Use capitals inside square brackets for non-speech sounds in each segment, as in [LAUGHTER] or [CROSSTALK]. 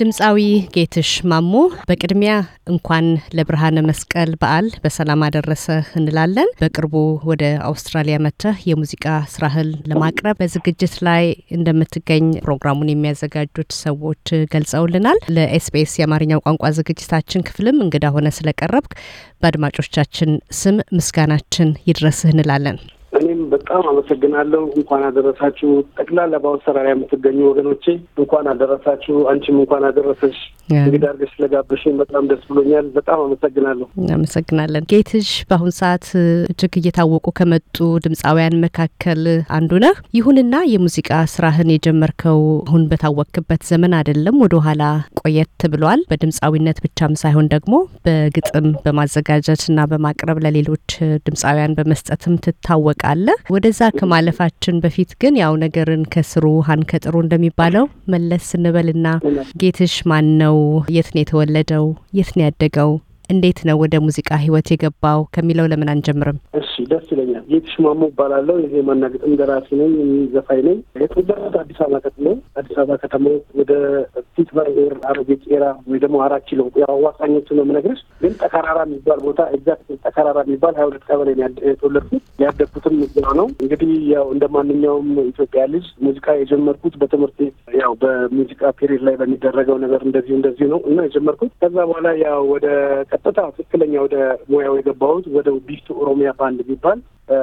ድምፃዊ ጌትሽ ማሞ በቅድሚያ እንኳን ለብርሃነ መስቀል በዓል በሰላም አደረሰህ እንላለን። በቅርቡ ወደ አውስትራሊያ መጥተህ የሙዚቃ ስራህን ለማቅረብ በዝግጅት ላይ እንደምትገኝ ፕሮግራሙን የሚያዘጋጁት ሰዎች ገልጸውልናል። ለኤስቢኤስ የአማርኛው ቋንቋ ዝግጅታችን ክፍልም እንግዳ ሆነ ስለቀረብክ በአድማጮቻችን ስም ምስጋናችን ይድረስህ እንላለን። በጣም አመሰግናለሁ። እንኳን አደረሳችሁ። ጠቅላላ በአውስትራሊያ የምትገኙ ወገኖቼ እንኳን አደረሳችሁ። አንቺም እንኳን አደረሰሽ። እንግዲህ አድርገሽ ስለጋበሽኝ በጣም ደስ ብሎኛል። በጣም አመሰግናለሁ። አመሰግናለን። ጌትሽ በአሁን ሰዓት እጅግ እየታወቁ ከመጡ ድምፃውያን መካከል አንዱ ነህ። ይሁንና የሙዚቃ ስራህን የጀመርከው አሁን በታወቅክበት ዘመን አይደለም፣ ወደ ኋላ ቆየት ብሏል። በድምፃዊነት ብቻም ሳይሆን ደግሞ በግጥም በማዘጋጀት በማቅረብ ለሌሎች ድምፃውያን በመስጠትም ትታወቃለህ። ወደዛ ከማለፋችን በፊት ግን ያው ነገርን ከስሩ ውሃን ከጥሩ እንደሚባለው መለስ ስንበልና ጌትሽ ማን ነው? የት ነው የተወለደው? የት ነው ያደገው? እንዴት ነው ወደ ሙዚቃ ህይወት የገባው ከሚለው ለምን አንጀምርም? እሺ ደስ ይለኛል። ጌትሽ ማሞ እባላለሁ። የዜማና ግጥም ደራሲ ነኝ፣ ዘፋኝ ነኝ። የተወለድኩት አዲስ አበባ ከተማ አዲስ አበባ ከተማ ወደ ፒትበርግ አሮጌት ኤራ ወይ ደግሞ አራት ኪሎ አዋሳኞቹ ነው የምነግርሽ። ግን ጠከራራ የሚባል ቦታ ኤግዛክት ጠከራራ የሚባል ሀያ ሁለት ቀበሌ የተወለድኩት ያደግኩትም እዚያ ነው። እንግዲህ ያው እንደ ማንኛውም ኢትዮጵያ ልጅ ሙዚቃ የጀመርኩት በትምህርት ቤት ያው በሙዚቃ ፔሪድ ላይ በሚደረገው ነገር እንደዚሁ እንደዚሁ ነው እና የጀመርኩት ከዛ በኋላ ያው ወደ ቀጥታ ትክክለኛ ወደ ሙያው የገባሁት ወደ ቢስቱ ኦሮሚያ ባንድ የሚባል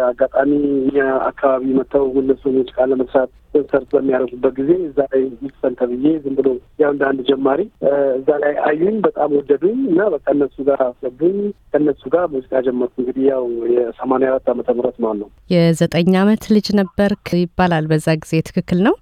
አጋጣሚ እኛ አካባቢ መጥተው እነሱ ሙዚቃ ለመስራት ኮንሰርት በሚያደርጉበት ጊዜ እዛ ላይ ይፈን ተብዬ ዝም ብሎ ያው እንደ አንድ ጀማሪ እዛ ላይ አዩኝ፣ በጣም ወደዱኝ እና በቃ እነሱ ጋር አስገቡኝ። ከእነሱ ጋር ሙዚቃ ጀመርኩ። እንግዲህ ያው የሰማንያ አራት ዓመተ ምህረት ማለት ነው። የዘጠኝ አመት ልጅ ነበርክ ይባላል በዛ ጊዜ። ትክክል ነው?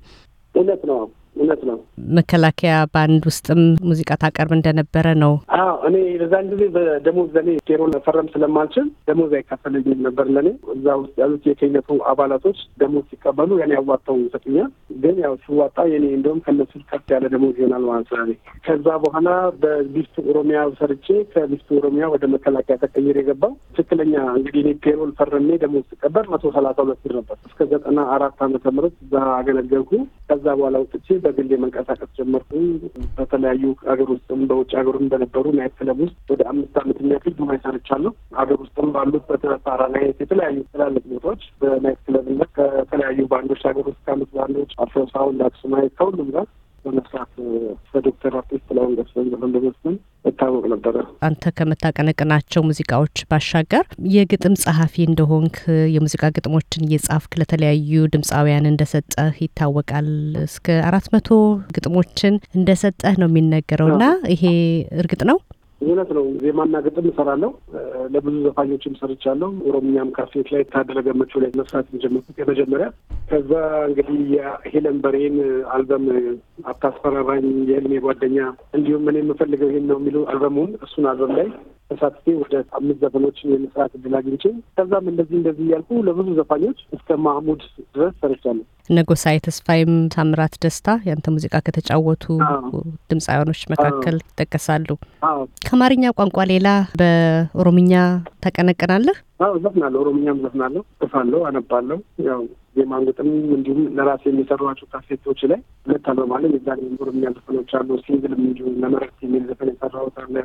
እውነት ነው። እውነት ነው። መከላከያ ባንድ ውስጥም ሙዚቃ ታቀርብ እንደነበረ ነው። አዎ እኔ በዛን ጊዜ በደሞዝ ለኔ ቴሮ ለፈረም ስለማልችል ደሞዝ አይከፈልኝም ነበር። ለኔ እዛ ውስጥ ያሉት የክለቱ አባላቶች ደሞዝ ሲቀበሉ ያኔ ያዋጣው ይሰጡኛል። ግን ያው ሲዋጣ የኔ እንደውም ከነሱ ከፍ ያለ ደሞዝ ይሆናል ማለት ነው። ከዛ በኋላ በቢስቱ ኦሮሚያ ሰርቼ ከቢስቱ ኦሮሚያ ወደ መከላከያ ተቀይር የገባው ትክክለኛ እንግዲህ እኔ ፔሮል ፈርሜ ደሞዝ ሲቀበል መቶ ሰላሳ ሁለት ብር ነበር እስከ ዘጠና አራት ዓመተ ምህረት እዛ አገለገልኩ። ከዛ በኋላ ውጥቼ በግል የመንቀሳቀስ ጀመርኩ። በተለያዩ ሀገር ውስጥም በውጭ ሀገሩም በነበሩ ናይት ክለብ ውስጥ ወደ አምስት አመት የሚያክል ዱባይ ሰርቻለሁ። ሀገር ውስጥም ባሉት በተሳራ ናይት የተለያዩ ትላልቅ ቦታዎች በናይት ክለብነት ከተለያዩ ባንዶች ሀገር ውስጥ ካሉት ባንዶች አፍሮሳውን፣ ላክሱማይት ከሁሉም ጋር በመስራት በዶክተር አርቲስት ጥላሁን ገሰሰ በመስመን እታወቅ ነበረ። አንተ ከምታቀነቅናቸው ሙዚቃዎች ባሻገር የግጥም ጸሐፊ እንደሆንክ የሙዚቃ ግጥሞችን እየጻፍክ ለተለያዩ ድምፃውያን እንደሰጠህ ይታወቃል። እስከ አራት መቶ ግጥሞችን እንደሰጠህ ነው የሚነገረው እና ይሄ እርግጥ ነው? እውነት ነው። ዜማና ግጥም እሰራለሁ። ለብዙ ዘፋኞችም ሰርቻለሁ። ኦሮምኛም ካፌት ላይ ታደለ ገመቹ ላይ መስራት የጀመርኩት የመጀመሪያ። ከዛ እንግዲህ የሄለን በሬን አልበም አታስፈራራኝ፣ የህልሜ ጓደኛ፣ እንዲሁም እኔ የምፈልገው ይህን ነው የሚሉ አልበሙን እሱን አልበም ላይ ተሳትፌ ወደ አምስት ዘፈኖችን የመስራት እድል አግኝቼ ከዛም እንደዚህ እንደዚህ እያልኩ ለብዙ ዘፋኞች እስከ ማህሙድ ድረስ ሰርቻለሁ። እነ ጎሳዬ ተስፋዬም ታምራት ደስታ ያንተ ሙዚቃ ከተጫወቱ ድምፃውያኖች መካከል ይጠቀሳሉ። ከአማርኛ ቋንቋ ሌላ በኦሮምኛ ታቀነቅናለህ? አዎ ዘፍናለሁ። ኦሮምኛም ዘፍናለሁ፣ ጽፋለሁ፣ አነባለሁ። ያው የማንጉጥም እንዲሁም ለራሴ የሚሰሯቸው ካሴቶች ላይ ሁለት አልበማለ የዛ ኦሮምኛ ዘፈኖች አሉ። ሲንግልም እንዲሁም ለመረት የሚል ዘፈን የሰራሁት አለ።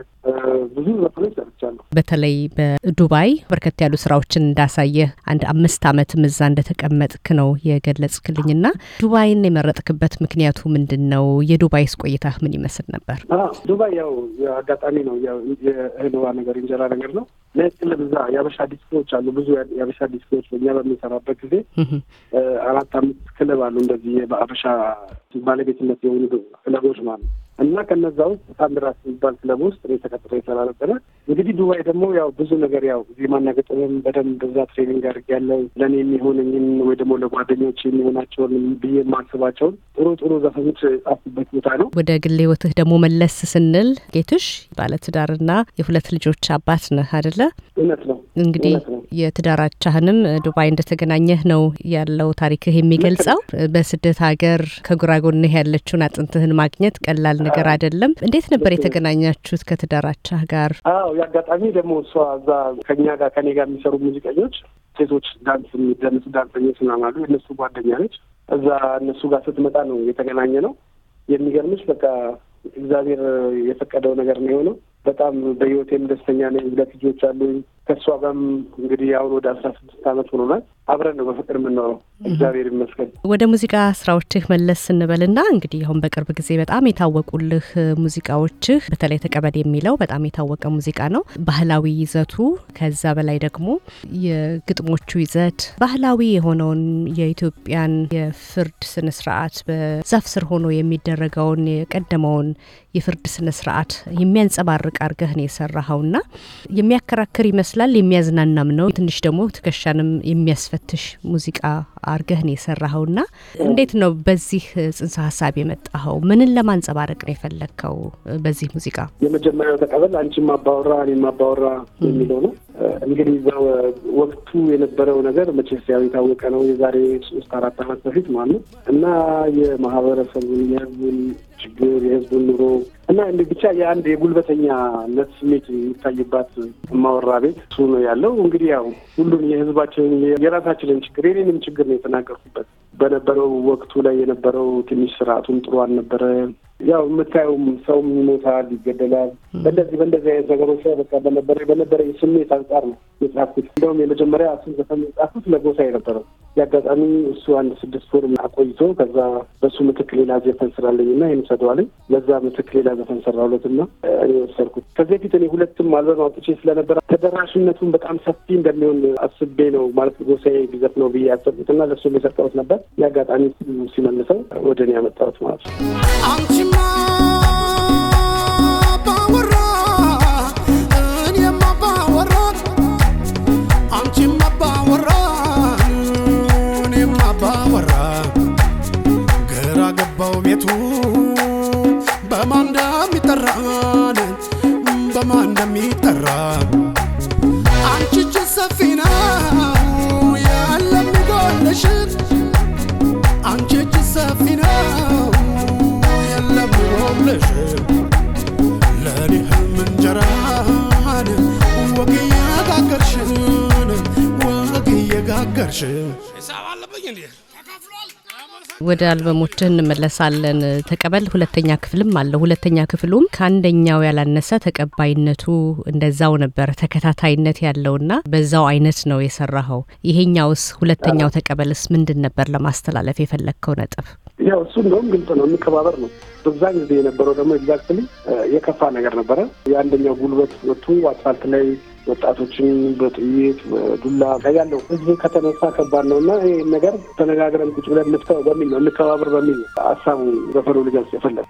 ብዙ ዘፈኖች ሰርቻለሁ። በተለይ በዱባይ በርከት ያሉ ስራዎችን እንዳሳየ አንድ አምስት አመት ምዛ እንደተቀመጥክ ነው የገለጽክልኝ ና ዱባይን የመረጥክበት ምክንያቱ ምንድን ነው? የዱባይስ ቆይታህ ምን ይመስል ነበር? ዱባይ ያው አጋጣሚ ነው። ያው የእህልዋ ነገር እንጀራ ነገር ነው ለየት ለብዛ የአበሻ ዲስኮዎች አሉ። ብዙ የአበሻ ዲስኮዎች በእኛ በምንሰራበት ጊዜ አራት አምስት ክለብ አሉ እንደዚህ በአበሻ ባለቤትነት የሆኑ ክለቦች ማለት ነው። እና ከነዛ ውስጥ ሳንድራስ የሚባል ክለብ ውስጥ እኔ ተቀጥሮ ይሰራ ነበረ። እንግዲህ ዱባይ ደግሞ ያው ብዙ ነገር ያው ዜማና ግጥምም በደንብ በዛ ትሬኒንግ አድርጌያለሁ። ለእኔ የሚሆነኝን ወይ ደግሞ ለጓደኞች የሚሆናቸውን ብዬ የማስባቸውን ጥሩ ጥሩ ዘፈኖች ጻፍኩበት ቦታ ነው። ወደ ግል ህይወትህ ደግሞ መለስ ስንል ጌትሽ ባለትዳርና የሁለት ልጆች አባት ነህ አደለ? እውነት ነው። እንግዲህ የትዳራቻህንም ዱባይ እንደተገናኘህ ነው ያለው ታሪክህ የሚገልጸው። በስደት ሀገር ከጉራጎንህ ያለችውን አጥንትህን ማግኘት ቀላል ነገር አይደለም። እንዴት ነበር የተገናኛችሁት ከትዳራቻህ ጋር? አዎ የአጋጣሚ ደግሞ እሷ እዛ ከኛ ጋር ከኔ ጋር የሚሰሩ ሙዚቀኞች ሴቶች ዳንስ የሚደንስ ዳንሰኞች ምናምን አሉ። የእነሱ ጓደኛ ነች። እዛ እነሱ ጋር ስትመጣ ነው የተገናኘ ነው። የሚገርምሽ በቃ እግዚአብሔር የፈቀደው ነገር ነው የሆነው። በጣም በህይወቴም ደስተኛ ነኝ። ሁለት ልጆች አሉኝ። ከእሷ ጋርም እንግዲህ አሁን ወደ አስራ ስድስት አመት ሆኖናል። አብረን ነው በፍቅር የምንኖረው። እግዚአብሔር ይመስገን። ወደ ሙዚቃ ስራዎችህ መለስ ስንበልና እንግዲህ አሁን በቅርብ ጊዜ በጣም የታወቁልህ ሙዚቃዎችህ በተለይ ተቀበል የሚለው በጣም የታወቀ ሙዚቃ ነው። ባህላዊ ይዘቱ ከዛ በላይ ደግሞ የግጥሞቹ ይዘት ባህላዊ የሆነውን የኢትዮጵያን የፍርድ ስነ በዛፍ ስር ሆኖ የሚደረገውን የቀደመውን የፍርድ ስነ ስርዓት የሚያንጸባርቅ አድርገህ ነው የሰራኸውና የሚያከራክር ይመስል ይመስላል። የሚያዝናናም ነው። ትንሽ ደግሞ ትከሻንም የሚያስፈትሽ ሙዚቃ አርገህን ነው የሰራኸውና እንዴት ነው በዚህ ጽንሰ ሀሳብ የመጣኸው? ምንን ለማንጸባረቅ ነው የፈለግከው በዚህ ሙዚቃ? የመጀመሪያው ተቀበል አንቺ ማባወራ እኔ ማባወራ የሚለው ነው። እንግዲህ እዛ ወቅቱ የነበረው ነገር መቼስ ያው የታወቀ ነው። የዛሬ ሶስት አራት አመት በፊት ማለት እና የማህበረሰቡን የህዝቡን ችግር የህዝቡን ኑሮ እና እንዲህ ብቻ የአንድ የጉልበተኛነት ስሜት የሚታይባት እማወራ ቤት እሱ ነው ያለው። እንግዲህ ያው ሁሉም የህዝባችንን የራሳችንን ችግር የኔንም ችግር የተናገርኩበት በነበረው ወቅቱ ላይ የነበረው ትንሽ ስርዓቱን ጥሩ አልነበረ። ያው የምታየውም ሰውም ይሞታል፣ ይገደላል። በእንደዚህ በእንደዚህ አይነት ነገሮች ላይ በቃ በነበረ በነበረ ስሜት አንጻር ነው የጻፍኩት። እንደውም የመጀመሪያ እሱን ዘፈን የጻፍኩት ለጎሳ ነበረ። የአጋጣሚ እሱ አንድ ስድስት ወር አቆይቶ ከዛ በእሱ ምትክ ሌላ ዘፈን ስራለኝ እና ይህን ሰደዋለኝ ለዛ ምትክ ሌላ ዘፈን ሰራሁለት እና እኔ ወሰድኩት። ከዚህ በፊት እኔ ሁለትም አልበም አውጥቼ ስለነበረ ተደራሽነቱን በጣም ሰፊ እንደሚሆን አስቤ ነው ማለት ጎሳዬ ቢዘፍ ነው ብዬ ያሰብኩት እና ለእሱ የሰጠሁት ነበር። የአጋጣሚ ሲመልሰው ወደ እኔ ያመጣሁት ማለት ነው። anymore እንዴ? ወደ አልበሞችህ እንመለሳለን። ተቀበል ሁለተኛ ክፍልም አለ። ሁለተኛ ክፍሉም ከአንደኛው ያላነሰ ተቀባይነቱ እንደዛው ነበር፣ ተከታታይነት ያለውና በዛው አይነት ነው የሰራኸው። ይሄኛውስ ሁለተኛው ተቀበልስ ምንድን ነበር ለማስተላለፍ የፈለግከው ነጥብ? ያው እሱ እንደውም ግልጽ ነው፣ የምከባበር ነው። በዛን ጊዜ የነበረው ደግሞ ኤግዛክትሊ የከፋ ነገር ነበረ። የአንደኛው ጉልበት መቱ አስፋልት ላይ ወጣቶችን በጥይት በዱላ ላይ ያለው ህዝብ ከተነሳ ከባድ ነው እና ይህ ነገር ተነጋግረን ቁጭ ብለን እንፍታው በሚል ነው እንከባበር በሚል ሀሳቡ ዘፈኑ ሊገልጽ የፈለገ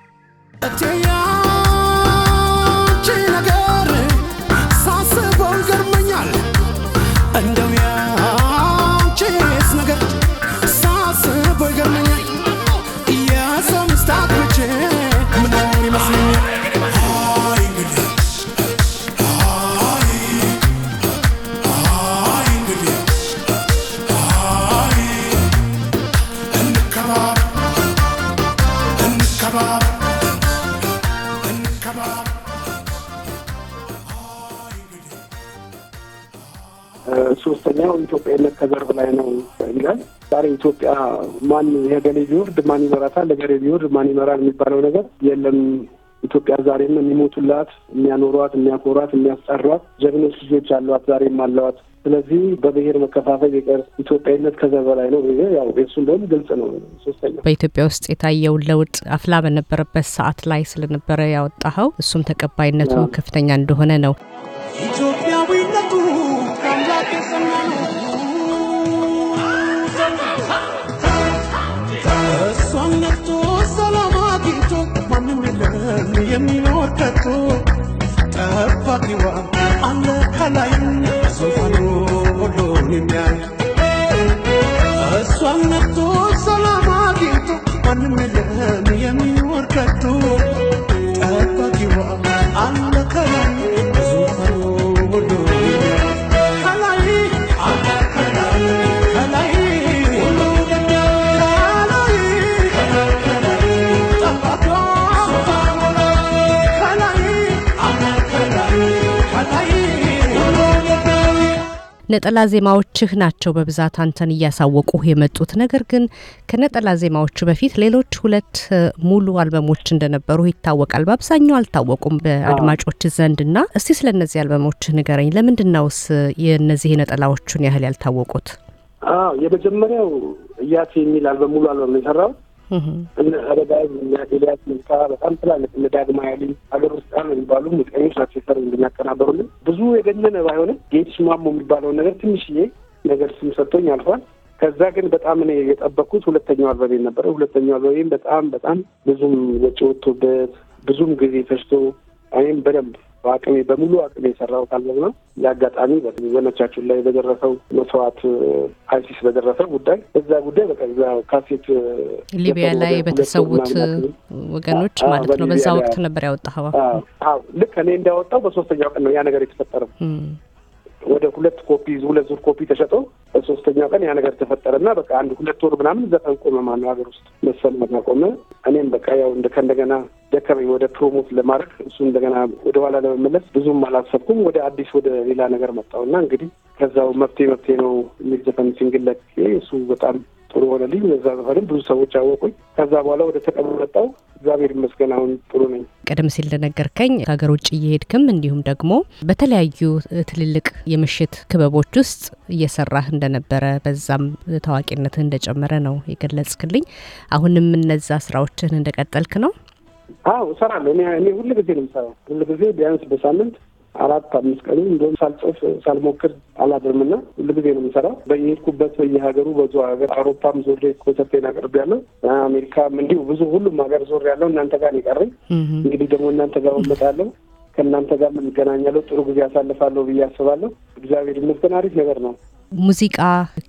እምነት ከዘርፍ ላይ ነው ይላል። ዛሬ ኢትዮጵያ ማን የገሌ ቢወርድ ማን ይመራታል፣ ለገሌ ቢወርድ ማን ይመራል የሚባለው ነገር የለም። ኢትዮጵያ ዛሬም የሚሞቱላት፣ የሚያኖሯት፣ የሚያኮሯት፣ የሚያስጠሯት ጀግኖች ልጆች አሏት፣ ዛሬም አለዋት። ስለዚህ በብሔር መከፋፈል የቀር ኢትዮጵያዊነት ከዘር በላይ ነው። ያው እሱ እንደውም ግልጽ ነው። ሶስተኛ በኢትዮጵያ ውስጥ የታየውን ለውጥ አፍላ በነበረበት ሰዓት ላይ ስለነበረ ያወጣኸው እሱም ተቀባይነቱ ከፍተኛ እንደሆነ ነው። ኢትዮ وقوام على حلاين زلفان ولوننيا እሷም ነፍቶ ነጠላ ዜማዎችህ ናቸው በብዛት አንተን እያሳወቁ የመጡት። ነገር ግን ከነጠላ ዜማዎቹ በፊት ሌሎች ሁለት ሙሉ አልበሞች እንደነበሩ ይታወቃል። በአብዛኛው አልታወቁም በአድማጮች ዘንድ እና እስቲ ስለ እነዚህ አልበሞች ንገረኝ። ለምንድን ነውስ የእነዚህ ነጠላዎቹን ያህል ያልታወቁት? የመጀመሪያው እያሴ የሚል አልበም ሙሉ አልበም የሰራው እነ አበጋዝ እነ ኤልያስ መልካ በጣም ትላልቅ እነ ዳግማ ያሉ ሀገር ውስጥ ጣም የሚባሉ ሙዚቀኞች ናቸው ሰር እንድናቀናበሩልን ብዙ የገነነ ባይሆንም ጌትሽ ማሞ የሚባለውን ነገር ትንሽዬ ነገር ስም ሰጥቶኝ አልፏል። ከዛ ግን በጣም እኔ የጠበቅኩት ሁለተኛው አልበቤ ነበረ። ሁለተኛው አልበቤም በጣም በጣም ብዙም ወጪ ወጥቶበት ብዙም ጊዜ ፈጅቶ እኔም በደንብ በአቅሜ በሙሉ አቅሜ የሰራሁት ነው። የአጋጣሚ ዘመቻችን ላይ በደረሰው መስዋዕት አይሲስ በደረሰው ጉዳይ በዛ ጉዳይ በቃ ካሴት ሊቢያ ላይ በተሰዉት ወገኖች ማለት ነው። በዛ ወቅት ነበር ያወጣኸው? ልክ እኔ እንዳወጣው በሶስተኛው ቀን ነው ያ ነገር የተፈጠረው። ወደ ሁለት ኮፒ ሁለት ዙር ኮፒ ተሸጦ በሶስተኛው ቀን ያ ነገር ተፈጠረ ተፈጠረና በቃ አንድ ሁለት ወር ምናምን ዘፈን ቆመ። ማነው ሀገር ውስጥ መሰል ቆመ። እኔም በቃ ያው እንደ ከእንደገና ደከመኝ ወደ ፕሮሞት ለማድረግ እሱ እንደገና ወደ ኋላ ለመመለስ ብዙም አላሰብኩም። ወደ አዲስ ወደ ሌላ ነገር መጣው እና እንግዲህ ከዛው መፍትሄ መፍትሄ ነው የሚል ዘፈን ሲንግል ለቅቄ እሱ በጣም ጥሩ ሆነልኝ። በዛ ዘፈንም ብዙ ሰዎች አወቁኝ። ከዛ በኋላ ወደ ተቀሙ መጣው። እግዚአብሔር ይመስገን አሁን ጥሩ ነኝ። ቀደም ሲል እንደነገርከኝ ከሀገር ውጭ እየሄድክም እንዲሁም ደግሞ በተለያዩ ትልልቅ የምሽት ክበቦች ውስጥ እየሰራህ እንደነበረ በዛም ታዋቂነትህ እንደጨመረ ነው የገለጽክልኝ። አሁንም እነዛ ስራዎችህን እንደቀጠልክ ነው? አዎ እሰራለሁ። እኔ ሁል ጊዜ ነው የምሰራው። ሁል ጊዜ ቢያንስ በሳምንት አራት አምስት ቀን እንደውም ሳልጽፍ ሳልሞክር አላድርምና ሁልጊዜ ነው የምሰራው። በየሄድኩበት በየሀገሩ በዙ ሀገር አውሮፓም ዞሬ ኮንሰርቴን አቅርብ ያለው አሜሪካም እንዲሁ ብዙ ሁሉም ሀገር ዞር ያለው እናንተ ጋር የቀረኝ እንግዲህ ደግሞ እናንተ ጋር መመጣለሁ ከእናንተ ጋር እንገናኛለሁ። ጥሩ ጊዜ አሳልፋለሁ ብዬ አስባለሁ። እግዚአብሔር ይመስገን፣ አሪፍ ነገር ነው። ሙዚቃ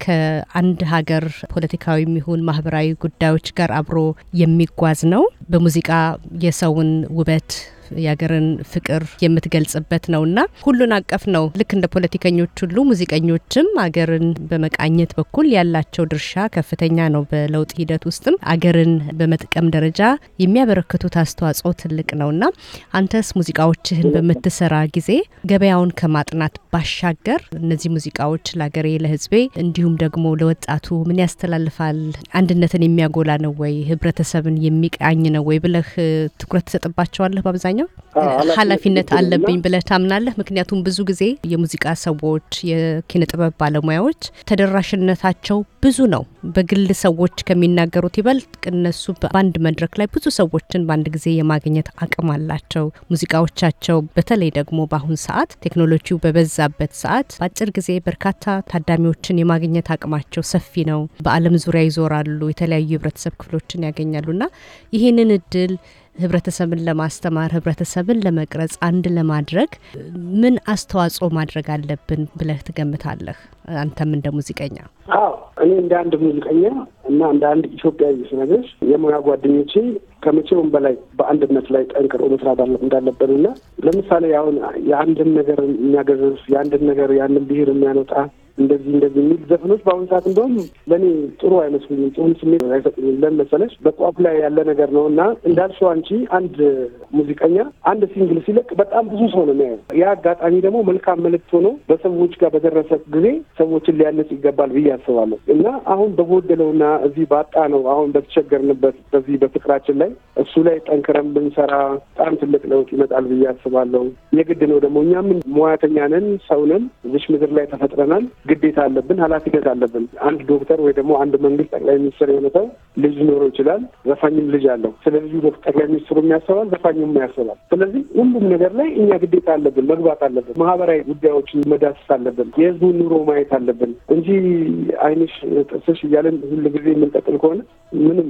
ከአንድ ሀገር ፖለቲካዊ የሚሆን ማህበራዊ ጉዳዮች ጋር አብሮ የሚጓዝ ነው። በሙዚቃ የሰውን ውበት የሀገርን ፍቅር የምትገልጽበት ነውና ሁሉን አቀፍ ነው። ልክ እንደ ፖለቲከኞች ሁሉ ሙዚቀኞችም አገርን በመቃኘት በኩል ያላቸው ድርሻ ከፍተኛ ነው። በለውጥ ሂደት ውስጥም አገርን በመጥቀም ደረጃ የሚያበረክቱት አስተዋጽኦ ትልቅ ነውና አንተስ ሙዚቃዎችህን በምትሰራ ጊዜ ገበያውን ከማጥናት ባሻገር እነዚህ ሙዚቃዎች ለሀገሬ፣ ለህዝቤ እንዲሁም ደግሞ ለወጣቱ ምን ያስተላልፋል? አንድነትን የሚያጎላ ነው ወይ? ህብረተሰብን የሚቃኝ ነው ወይ ብለህ ትኩረት ትሰጥባቸዋለህ በአብዛኛው? አብዛኛው ኃላፊነት አለብኝ ብለህ ታምናለህ? ምክንያቱም ብዙ ጊዜ የሙዚቃ ሰዎች፣ የኪነ ጥበብ ባለሙያዎች ተደራሽነታቸው ብዙ ነው። በግል ሰዎች ከሚናገሩት ይበልጥ እነሱ በአንድ መድረክ ላይ ብዙ ሰዎችን በአንድ ጊዜ የማግኘት አቅም አላቸው። ሙዚቃዎቻቸው በተለይ ደግሞ በአሁን ሰዓት ቴክኖሎጂው በበዛበት ሰዓት በአጭር ጊዜ በርካታ ታዳሚዎችን የማግኘት አቅማቸው ሰፊ ነው። በዓለም ዙሪያ ይዞራሉ፣ የተለያዩ የህብረተሰብ ክፍሎችን ያገኛሉና ይህንን እድል ህብረተሰብን ለማስተማር ህብረተሰብን ለመቅረጽ አንድ ለማድረግ ምን አስተዋጽኦ ማድረግ አለብን ብለህ ትገምታለህ? አንተም እንደ ሙዚቀኛ። አዎ እኔ እንደ አንድ ሙዚቀኛ እና እንደ አንድ ኢትዮጵያዊ ስነግርሽ የሙያ ጓደኞቼ ከመቼውም በላይ በአንድነት ላይ ጠንቅሮ መስራት እንዳለብን እና ለምሳሌ አሁን የአንድን ነገር የሚያገዘዝ የአንድን ነገር የአንድን ብሄር የሚያነጣ እንደዚህ እንደዚህ የሚል ዘፈኖች በአሁኑ ሰዓት እንደውም ለእኔ ጥሩ አይመስሉኝም፣ ጥሩ ስሜት አይሰጡኝም። ለምን መሰለሽ በቋፍ ላይ ያለ ነገር ነው እና እንዳልሽው አንቺ አንድ ሙዚቀኛ አንድ ሲንግል ሲለቅ በጣም ብዙ ሰው ነው የሚያየው። ያ አጋጣሚ ደግሞ መልካም መልእክት ሆኖ በሰዎች ጋር በደረሰ ጊዜ ሰዎችን ሊያነጽ ይገባል ብዬ አስባለሁ እና አሁን በጎደለውና እዚህ ባጣ ነው አሁን በተቸገርንበት በዚህ በፍቅራችን ላይ እሱ ላይ ጠንክረን ብንሰራ በጣም ትልቅ ለውጥ ይመጣል ብዬ አስባለሁ። የግድ ነው ደግሞ እኛም ሙያተኛ ነን፣ ሰው ነን፣ እዚች ምድር ላይ ተፈጥረናል። ግዴታ አለብን፣ ኃላፊነት አለብን። አንድ ዶክተር ወይ ደግሞ አንድ መንግስት ጠቅላይ ሚኒስትር የሆነ ሰው ልጅ ሊኖረው ይችላል። ዘፋኝም ልጅ አለው። ስለዚህ ጠቅላይ ሚኒስትሩ ያስባል፣ ዘፋኙም ያስባል። ስለዚህ ሁሉም ነገር ላይ እኛ ግዴታ አለብን፣ መግባት አለብን። ማህበራዊ ጉዳዮችን መዳሰስ አለብን። የህዝቡን ኑሮ ማየት አለብን እንጂ አይንሽ ጥስሽ እያለን ሁል ጊዜ የምንቀጥል ከሆነ ምንም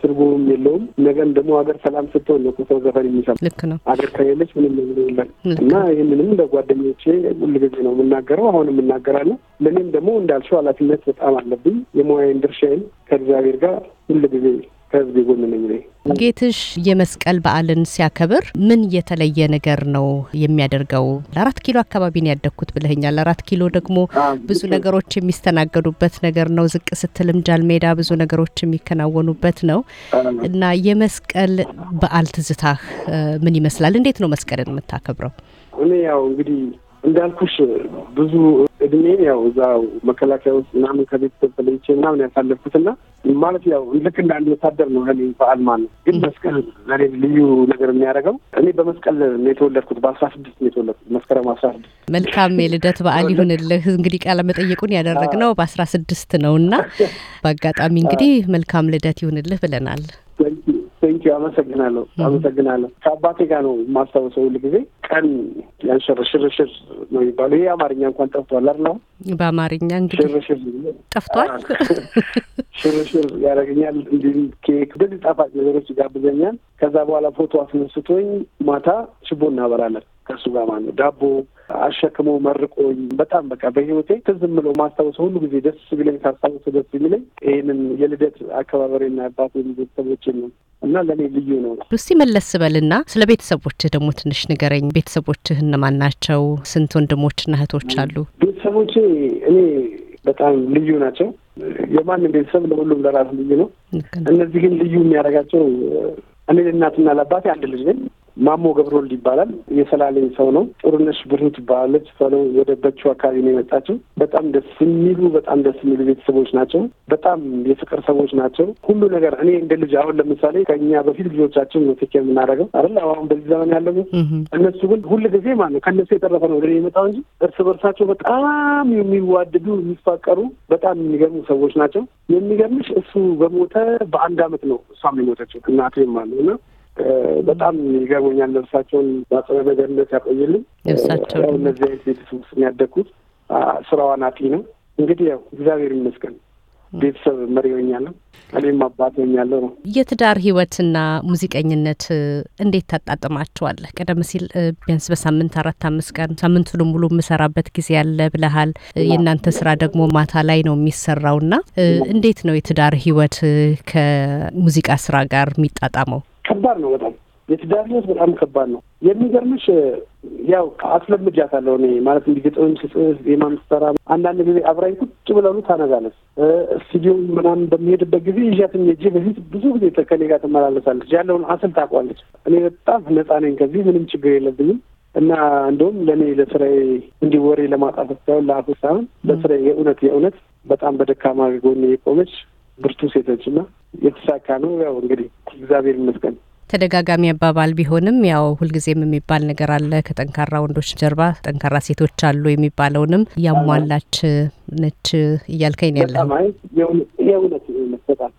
ትርጉምም የለውም። ነገም ደግሞ ሀገር ሰላም ስትሆን ነው ሰው ዘፈን የሚሰማ። ልክ ነው። ሀገር ከሌለች ምንም የለም እና ይህንንም ለጓደኞቼ ሁሉ ጊዜ ነው የምናገረው፣ አሁንም እናገራለን። ነው። ለእኔም ደግሞ እንዳልሽው ኃላፊነት በጣም አለብኝ። የሙያዬን ድርሻዬን ከእግዚአብሔር ጋር ጊዜ ከህዝብ ጎን ነኝ። ጌትሽ የመስቀል በዓልን ሲያከብር ምን የተለየ ነገር ነው የሚያደርገው? ለአራት ኪሎ አካባቢ ነው ያደግኩት ብለኸኛል። ለአራት ኪሎ ደግሞ ብዙ ነገሮች የሚስተናገዱበት ነገር ነው። ዝቅ ስትልም ጃልሜዳ ብዙ ነገሮች የሚከናወኑበት ነው እና የመስቀል በዓል ትዝታህ ምን ይመስላል? እንዴት ነው መስቀልን የምታከብረው? እኔ ያው እንግዲህ እንዳልኩሽ ብዙ እድሜ ያው እዛው መከላከያ ውስጥ ምናምን ከቤተሰብ ተለይቼ ምናምን ያሳለፍኩትና ማለት ያው ልክ እንደ አንድ ወታደር ነው ለኔ በዓል ማለት ግን መስቀል ለኔ ልዩ ነገር የሚያደርገው እኔ በመስቀል ነው የተወለድኩት በአስራ ስድስት ነው የተወለድኩት መስከረም አስራ ስድስት መልካም የልደት በዓል ይሁንልህ እንግዲህ ቃለ መጠየቁን ያደረግነው በአስራ ስድስት ነው እና በአጋጣሚ እንግዲህ መልካም ልደት ይሁንልህ ብለናል ቴንኪ አመሰግናለሁ አመሰግናለሁ። ከአባቴ ጋር ነው የማስታውሰው ሁል ጊዜ ቀን ያን ሽርሽርሽር ነው የሚባለው። ይሄ አማርኛ እንኳን ጠፍቷል አር ነው በአማርኛ እንግዲህ ሽርሽር ጠፍቷል። [LAUGHS] ሽርሽር ያደረገኛል እንዲህ ኬክ፣ እንደዚህ ጣፋጭ ነገሮች ይጋብዘኛል። ከዛ በኋላ ፎቶ አስነስቶኝ ማታ ችቦ እናበራለን ከእሱ ጋር ማለት ነው። ዳቦ አሸክሞ መርቆኝ በጣም በቃ በህይወቴ ትዝ ብሎ ማስታወሰው ሁሉ ጊዜ ደስ ቢለኝ ካስታወሰ ደስ የሚለኝ ይህንን የልደት አከባበሬና አባቴ ቤተሰቦችን ነው። እና ለእኔ ልዩ ነው። እስቲ መለስ በልና ስለ ቤተሰቦችህ ደግሞ ትንሽ ንገረኝ። ቤተሰቦችህ እነማን ናቸው? ስንት ወንድሞችና እህቶች አሉ? ቤተሰቦቼ እኔ በጣም ልዩ ናቸው። የማንም ቤተሰብ ለሁሉም ለራሱ ልዩ ነው። እነዚህ ግን ልዩ የሚያደርጋቸው እኔ እናትና ለአባቴ አንድ ልጅ ነኝ። ማሞ ገብረወልድ ይባላል። የሰላሌ ሰው ነው። ጥሩነሽ ብርሁ ትባላለች። ሰለው ወደ በቹ አካባቢ ነው የመጣቸው። በጣም ደስ የሚሉ በጣም ደስ የሚሉ ቤተሰቦች ናቸው። በጣም የፍቅር ሰዎች ናቸው። ሁሉ ነገር እኔ እንደ ልጅ አሁን ለምሳሌ ከኛ በፊት ልጆቻችን ነው ትኬ የምናደርገው አይደል? አሁን በዚህ ዘመን ያለው እነሱ ግን ሁል ጊዜ ማለት ነው ከእነሱ የተረፈ ነው ወደ የመጣው እንጂ እርስ በርሳቸው በጣም የሚዋደዱ የሚፋቀሩ፣ በጣም የሚገርሙ ሰዎች ናቸው። የሚገርምሽ እሱ በሞተ በአንድ አመት ነው እሷም የሞተችው እናቴ ማለት እና በጣም ይገርሞኛል። ነብሳቸውን በአጸደ ገነት ያቆየልኝ። ነብሳቸው እነዚህ አይነት ቤተሰብ ውስጥ ያደግኩት ስራዋ ናጢ ነው። እንግዲህ ያው እግዚአብሔር ይመስገን ቤተሰብ መሪ ሆኛለሁ፣ እኔም አባት ሆኛለሁ ነው። የትዳር ህይወትና ሙዚቀኝነት እንዴት ታጣጥማቸዋለህ? ቀደም ሲል ቢያንስ በሳምንት አራት አምስት ቀን ሳምንቱን ሙሉ የምሰራበት ጊዜ ያለ ብለሃል። የእናንተ ስራ ደግሞ ማታ ላይ ነው የሚሰራውና እንዴት ነው የትዳር ህይወት ከሙዚቃ ስራ ጋር የሚጣጣመው? ከባድ ነው በጣም የትዳር ህይወት በጣም ከባድ ነው። የሚገርምሽ ያው አስለምጃታለሁ እኔ ማለት እንዲህ ግጥምም ስጽፍ ዜማ ስሰራ አንዳንድ ጊዜ አብራኝ ቁጭ ብለሉ ታነጋለች። ስቱዲዮ ምናምን በሚሄድበት ጊዜ ይዣትን የጅ በፊት ብዙ ጊዜ ከኔ ጋር ትመላለሳለች። ያለውን አስል ታውቋለች። እኔ በጣም ነፃ ነኝ፣ ከዚህ ምንም ችግር የለብኝም እና እንደውም ለእኔ ለስራዬ እንዲህ ወሬ ለማጣፈት ሳይሆን ለአፍ ሳይሆን ለስራዬ የእውነት የእውነት በጣም በደካማ ጎን የቆመች ብርቱ ሴቶች ሴቶችና የተሳካ ነው። ያው እንግዲህ እግዚአብሔር ይመስገን። ተደጋጋሚ አባባል ቢሆንም ያው ሁልጊዜም የሚባል ነገር አለ። ከጠንካራ ወንዶች ጀርባ ጠንካራ ሴቶች አሉ የሚባለውንም ያሟላች ነች እያልከኝ ያለ የእውነት በጣም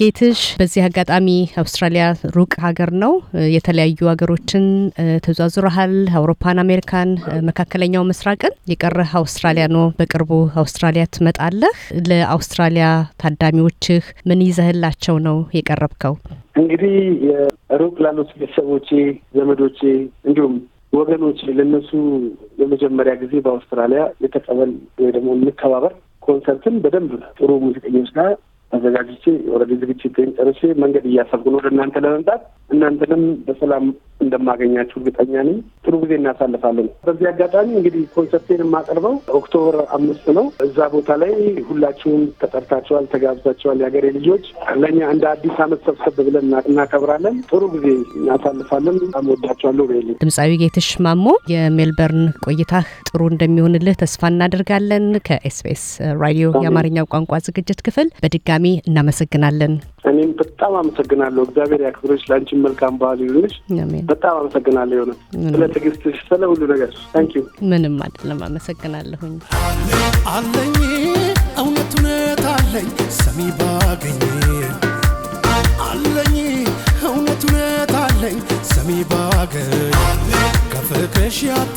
ጌትሽ በዚህ አጋጣሚ አውስትራሊያ ሩቅ ሀገር ነው። የተለያዩ ሀገሮችን ተዟዙረሃል፣ አውሮፓን፣ አሜሪካን፣ መካከለኛው ምስራቅን። የቀረህ አውስትራሊያ ነው። በቅርቡ አውስትራሊያ ትመጣለህ። ለአውስትራሊያ ታዳሚዎችህ ምን ይዘህላቸው ነው የቀረብከው? እንግዲህ የሩቅ ላሉት ቤተሰቦቼ፣ ዘመዶቼ እንዲሁም ወገኖች ለነሱ የመጀመሪያ ጊዜ በአውስትራሊያ የተቀበል ወይ ደግሞ እንከባበር ኮንሰርትን በደንብ ጥሩ ሙዚቀኞች ጋር አዘጋጅቼ ወረደ ዝግጅቴን ጨርሼ መንገድ እያሰብኩ ነው ወደ እናንተ ለመምጣት። እናንተንም በሰላም እንደማገኛችሁ እርግጠኛ ነኝ። ጥሩ ጊዜ እናሳልፋለን። በዚህ አጋጣሚ እንግዲህ ኮንሰርቴን የማቀርበው ኦክቶበር አምስት ነው። እዛ ቦታ ላይ ሁላችሁም ተጠርታችኋል፣ ተጋብዛችኋል። የሀገሬ ልጆች ለእኛ እንደ አዲስ ዓመት ሰብሰብ ብለን እናከብራለን። ጥሩ ጊዜ እናሳልፋለን። በጣም ወዳችኋለሁ። ድምፃዊ ጌትሽ ማሞ፣ የሜልበርን ቆይታህ ጥሩ እንደሚሆንልህ ተስፋ እናደርጋለን። ከኤስቢኤስ ራዲዮ የአማርኛው ቋንቋ ዝግጅት ክፍል በድጋሚ በድጋሚ እናመሰግናለን። እኔም በጣም አመሰግናለሁ። እግዚአብሔር ያክብሮች። ለአንቺን መልካም ባህል ይሁንሽ። በጣም አመሰግናለሁ የሆነ ስለ ትዕግስትሽ፣ ስለ ሁሉ ነገር ታንኪ። ምንም አይደለም። አመሰግናለሁኝ። አለኝ እውነት እውነት አለኝ ሰሚ ባገኝ አለኝ እውነት እውነት አለኝ ሰሚ ባገኝ ከፍቅሽ ያጣ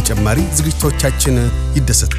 በተጨማሪ ዝግጅቶቻችን ይደሰቱ።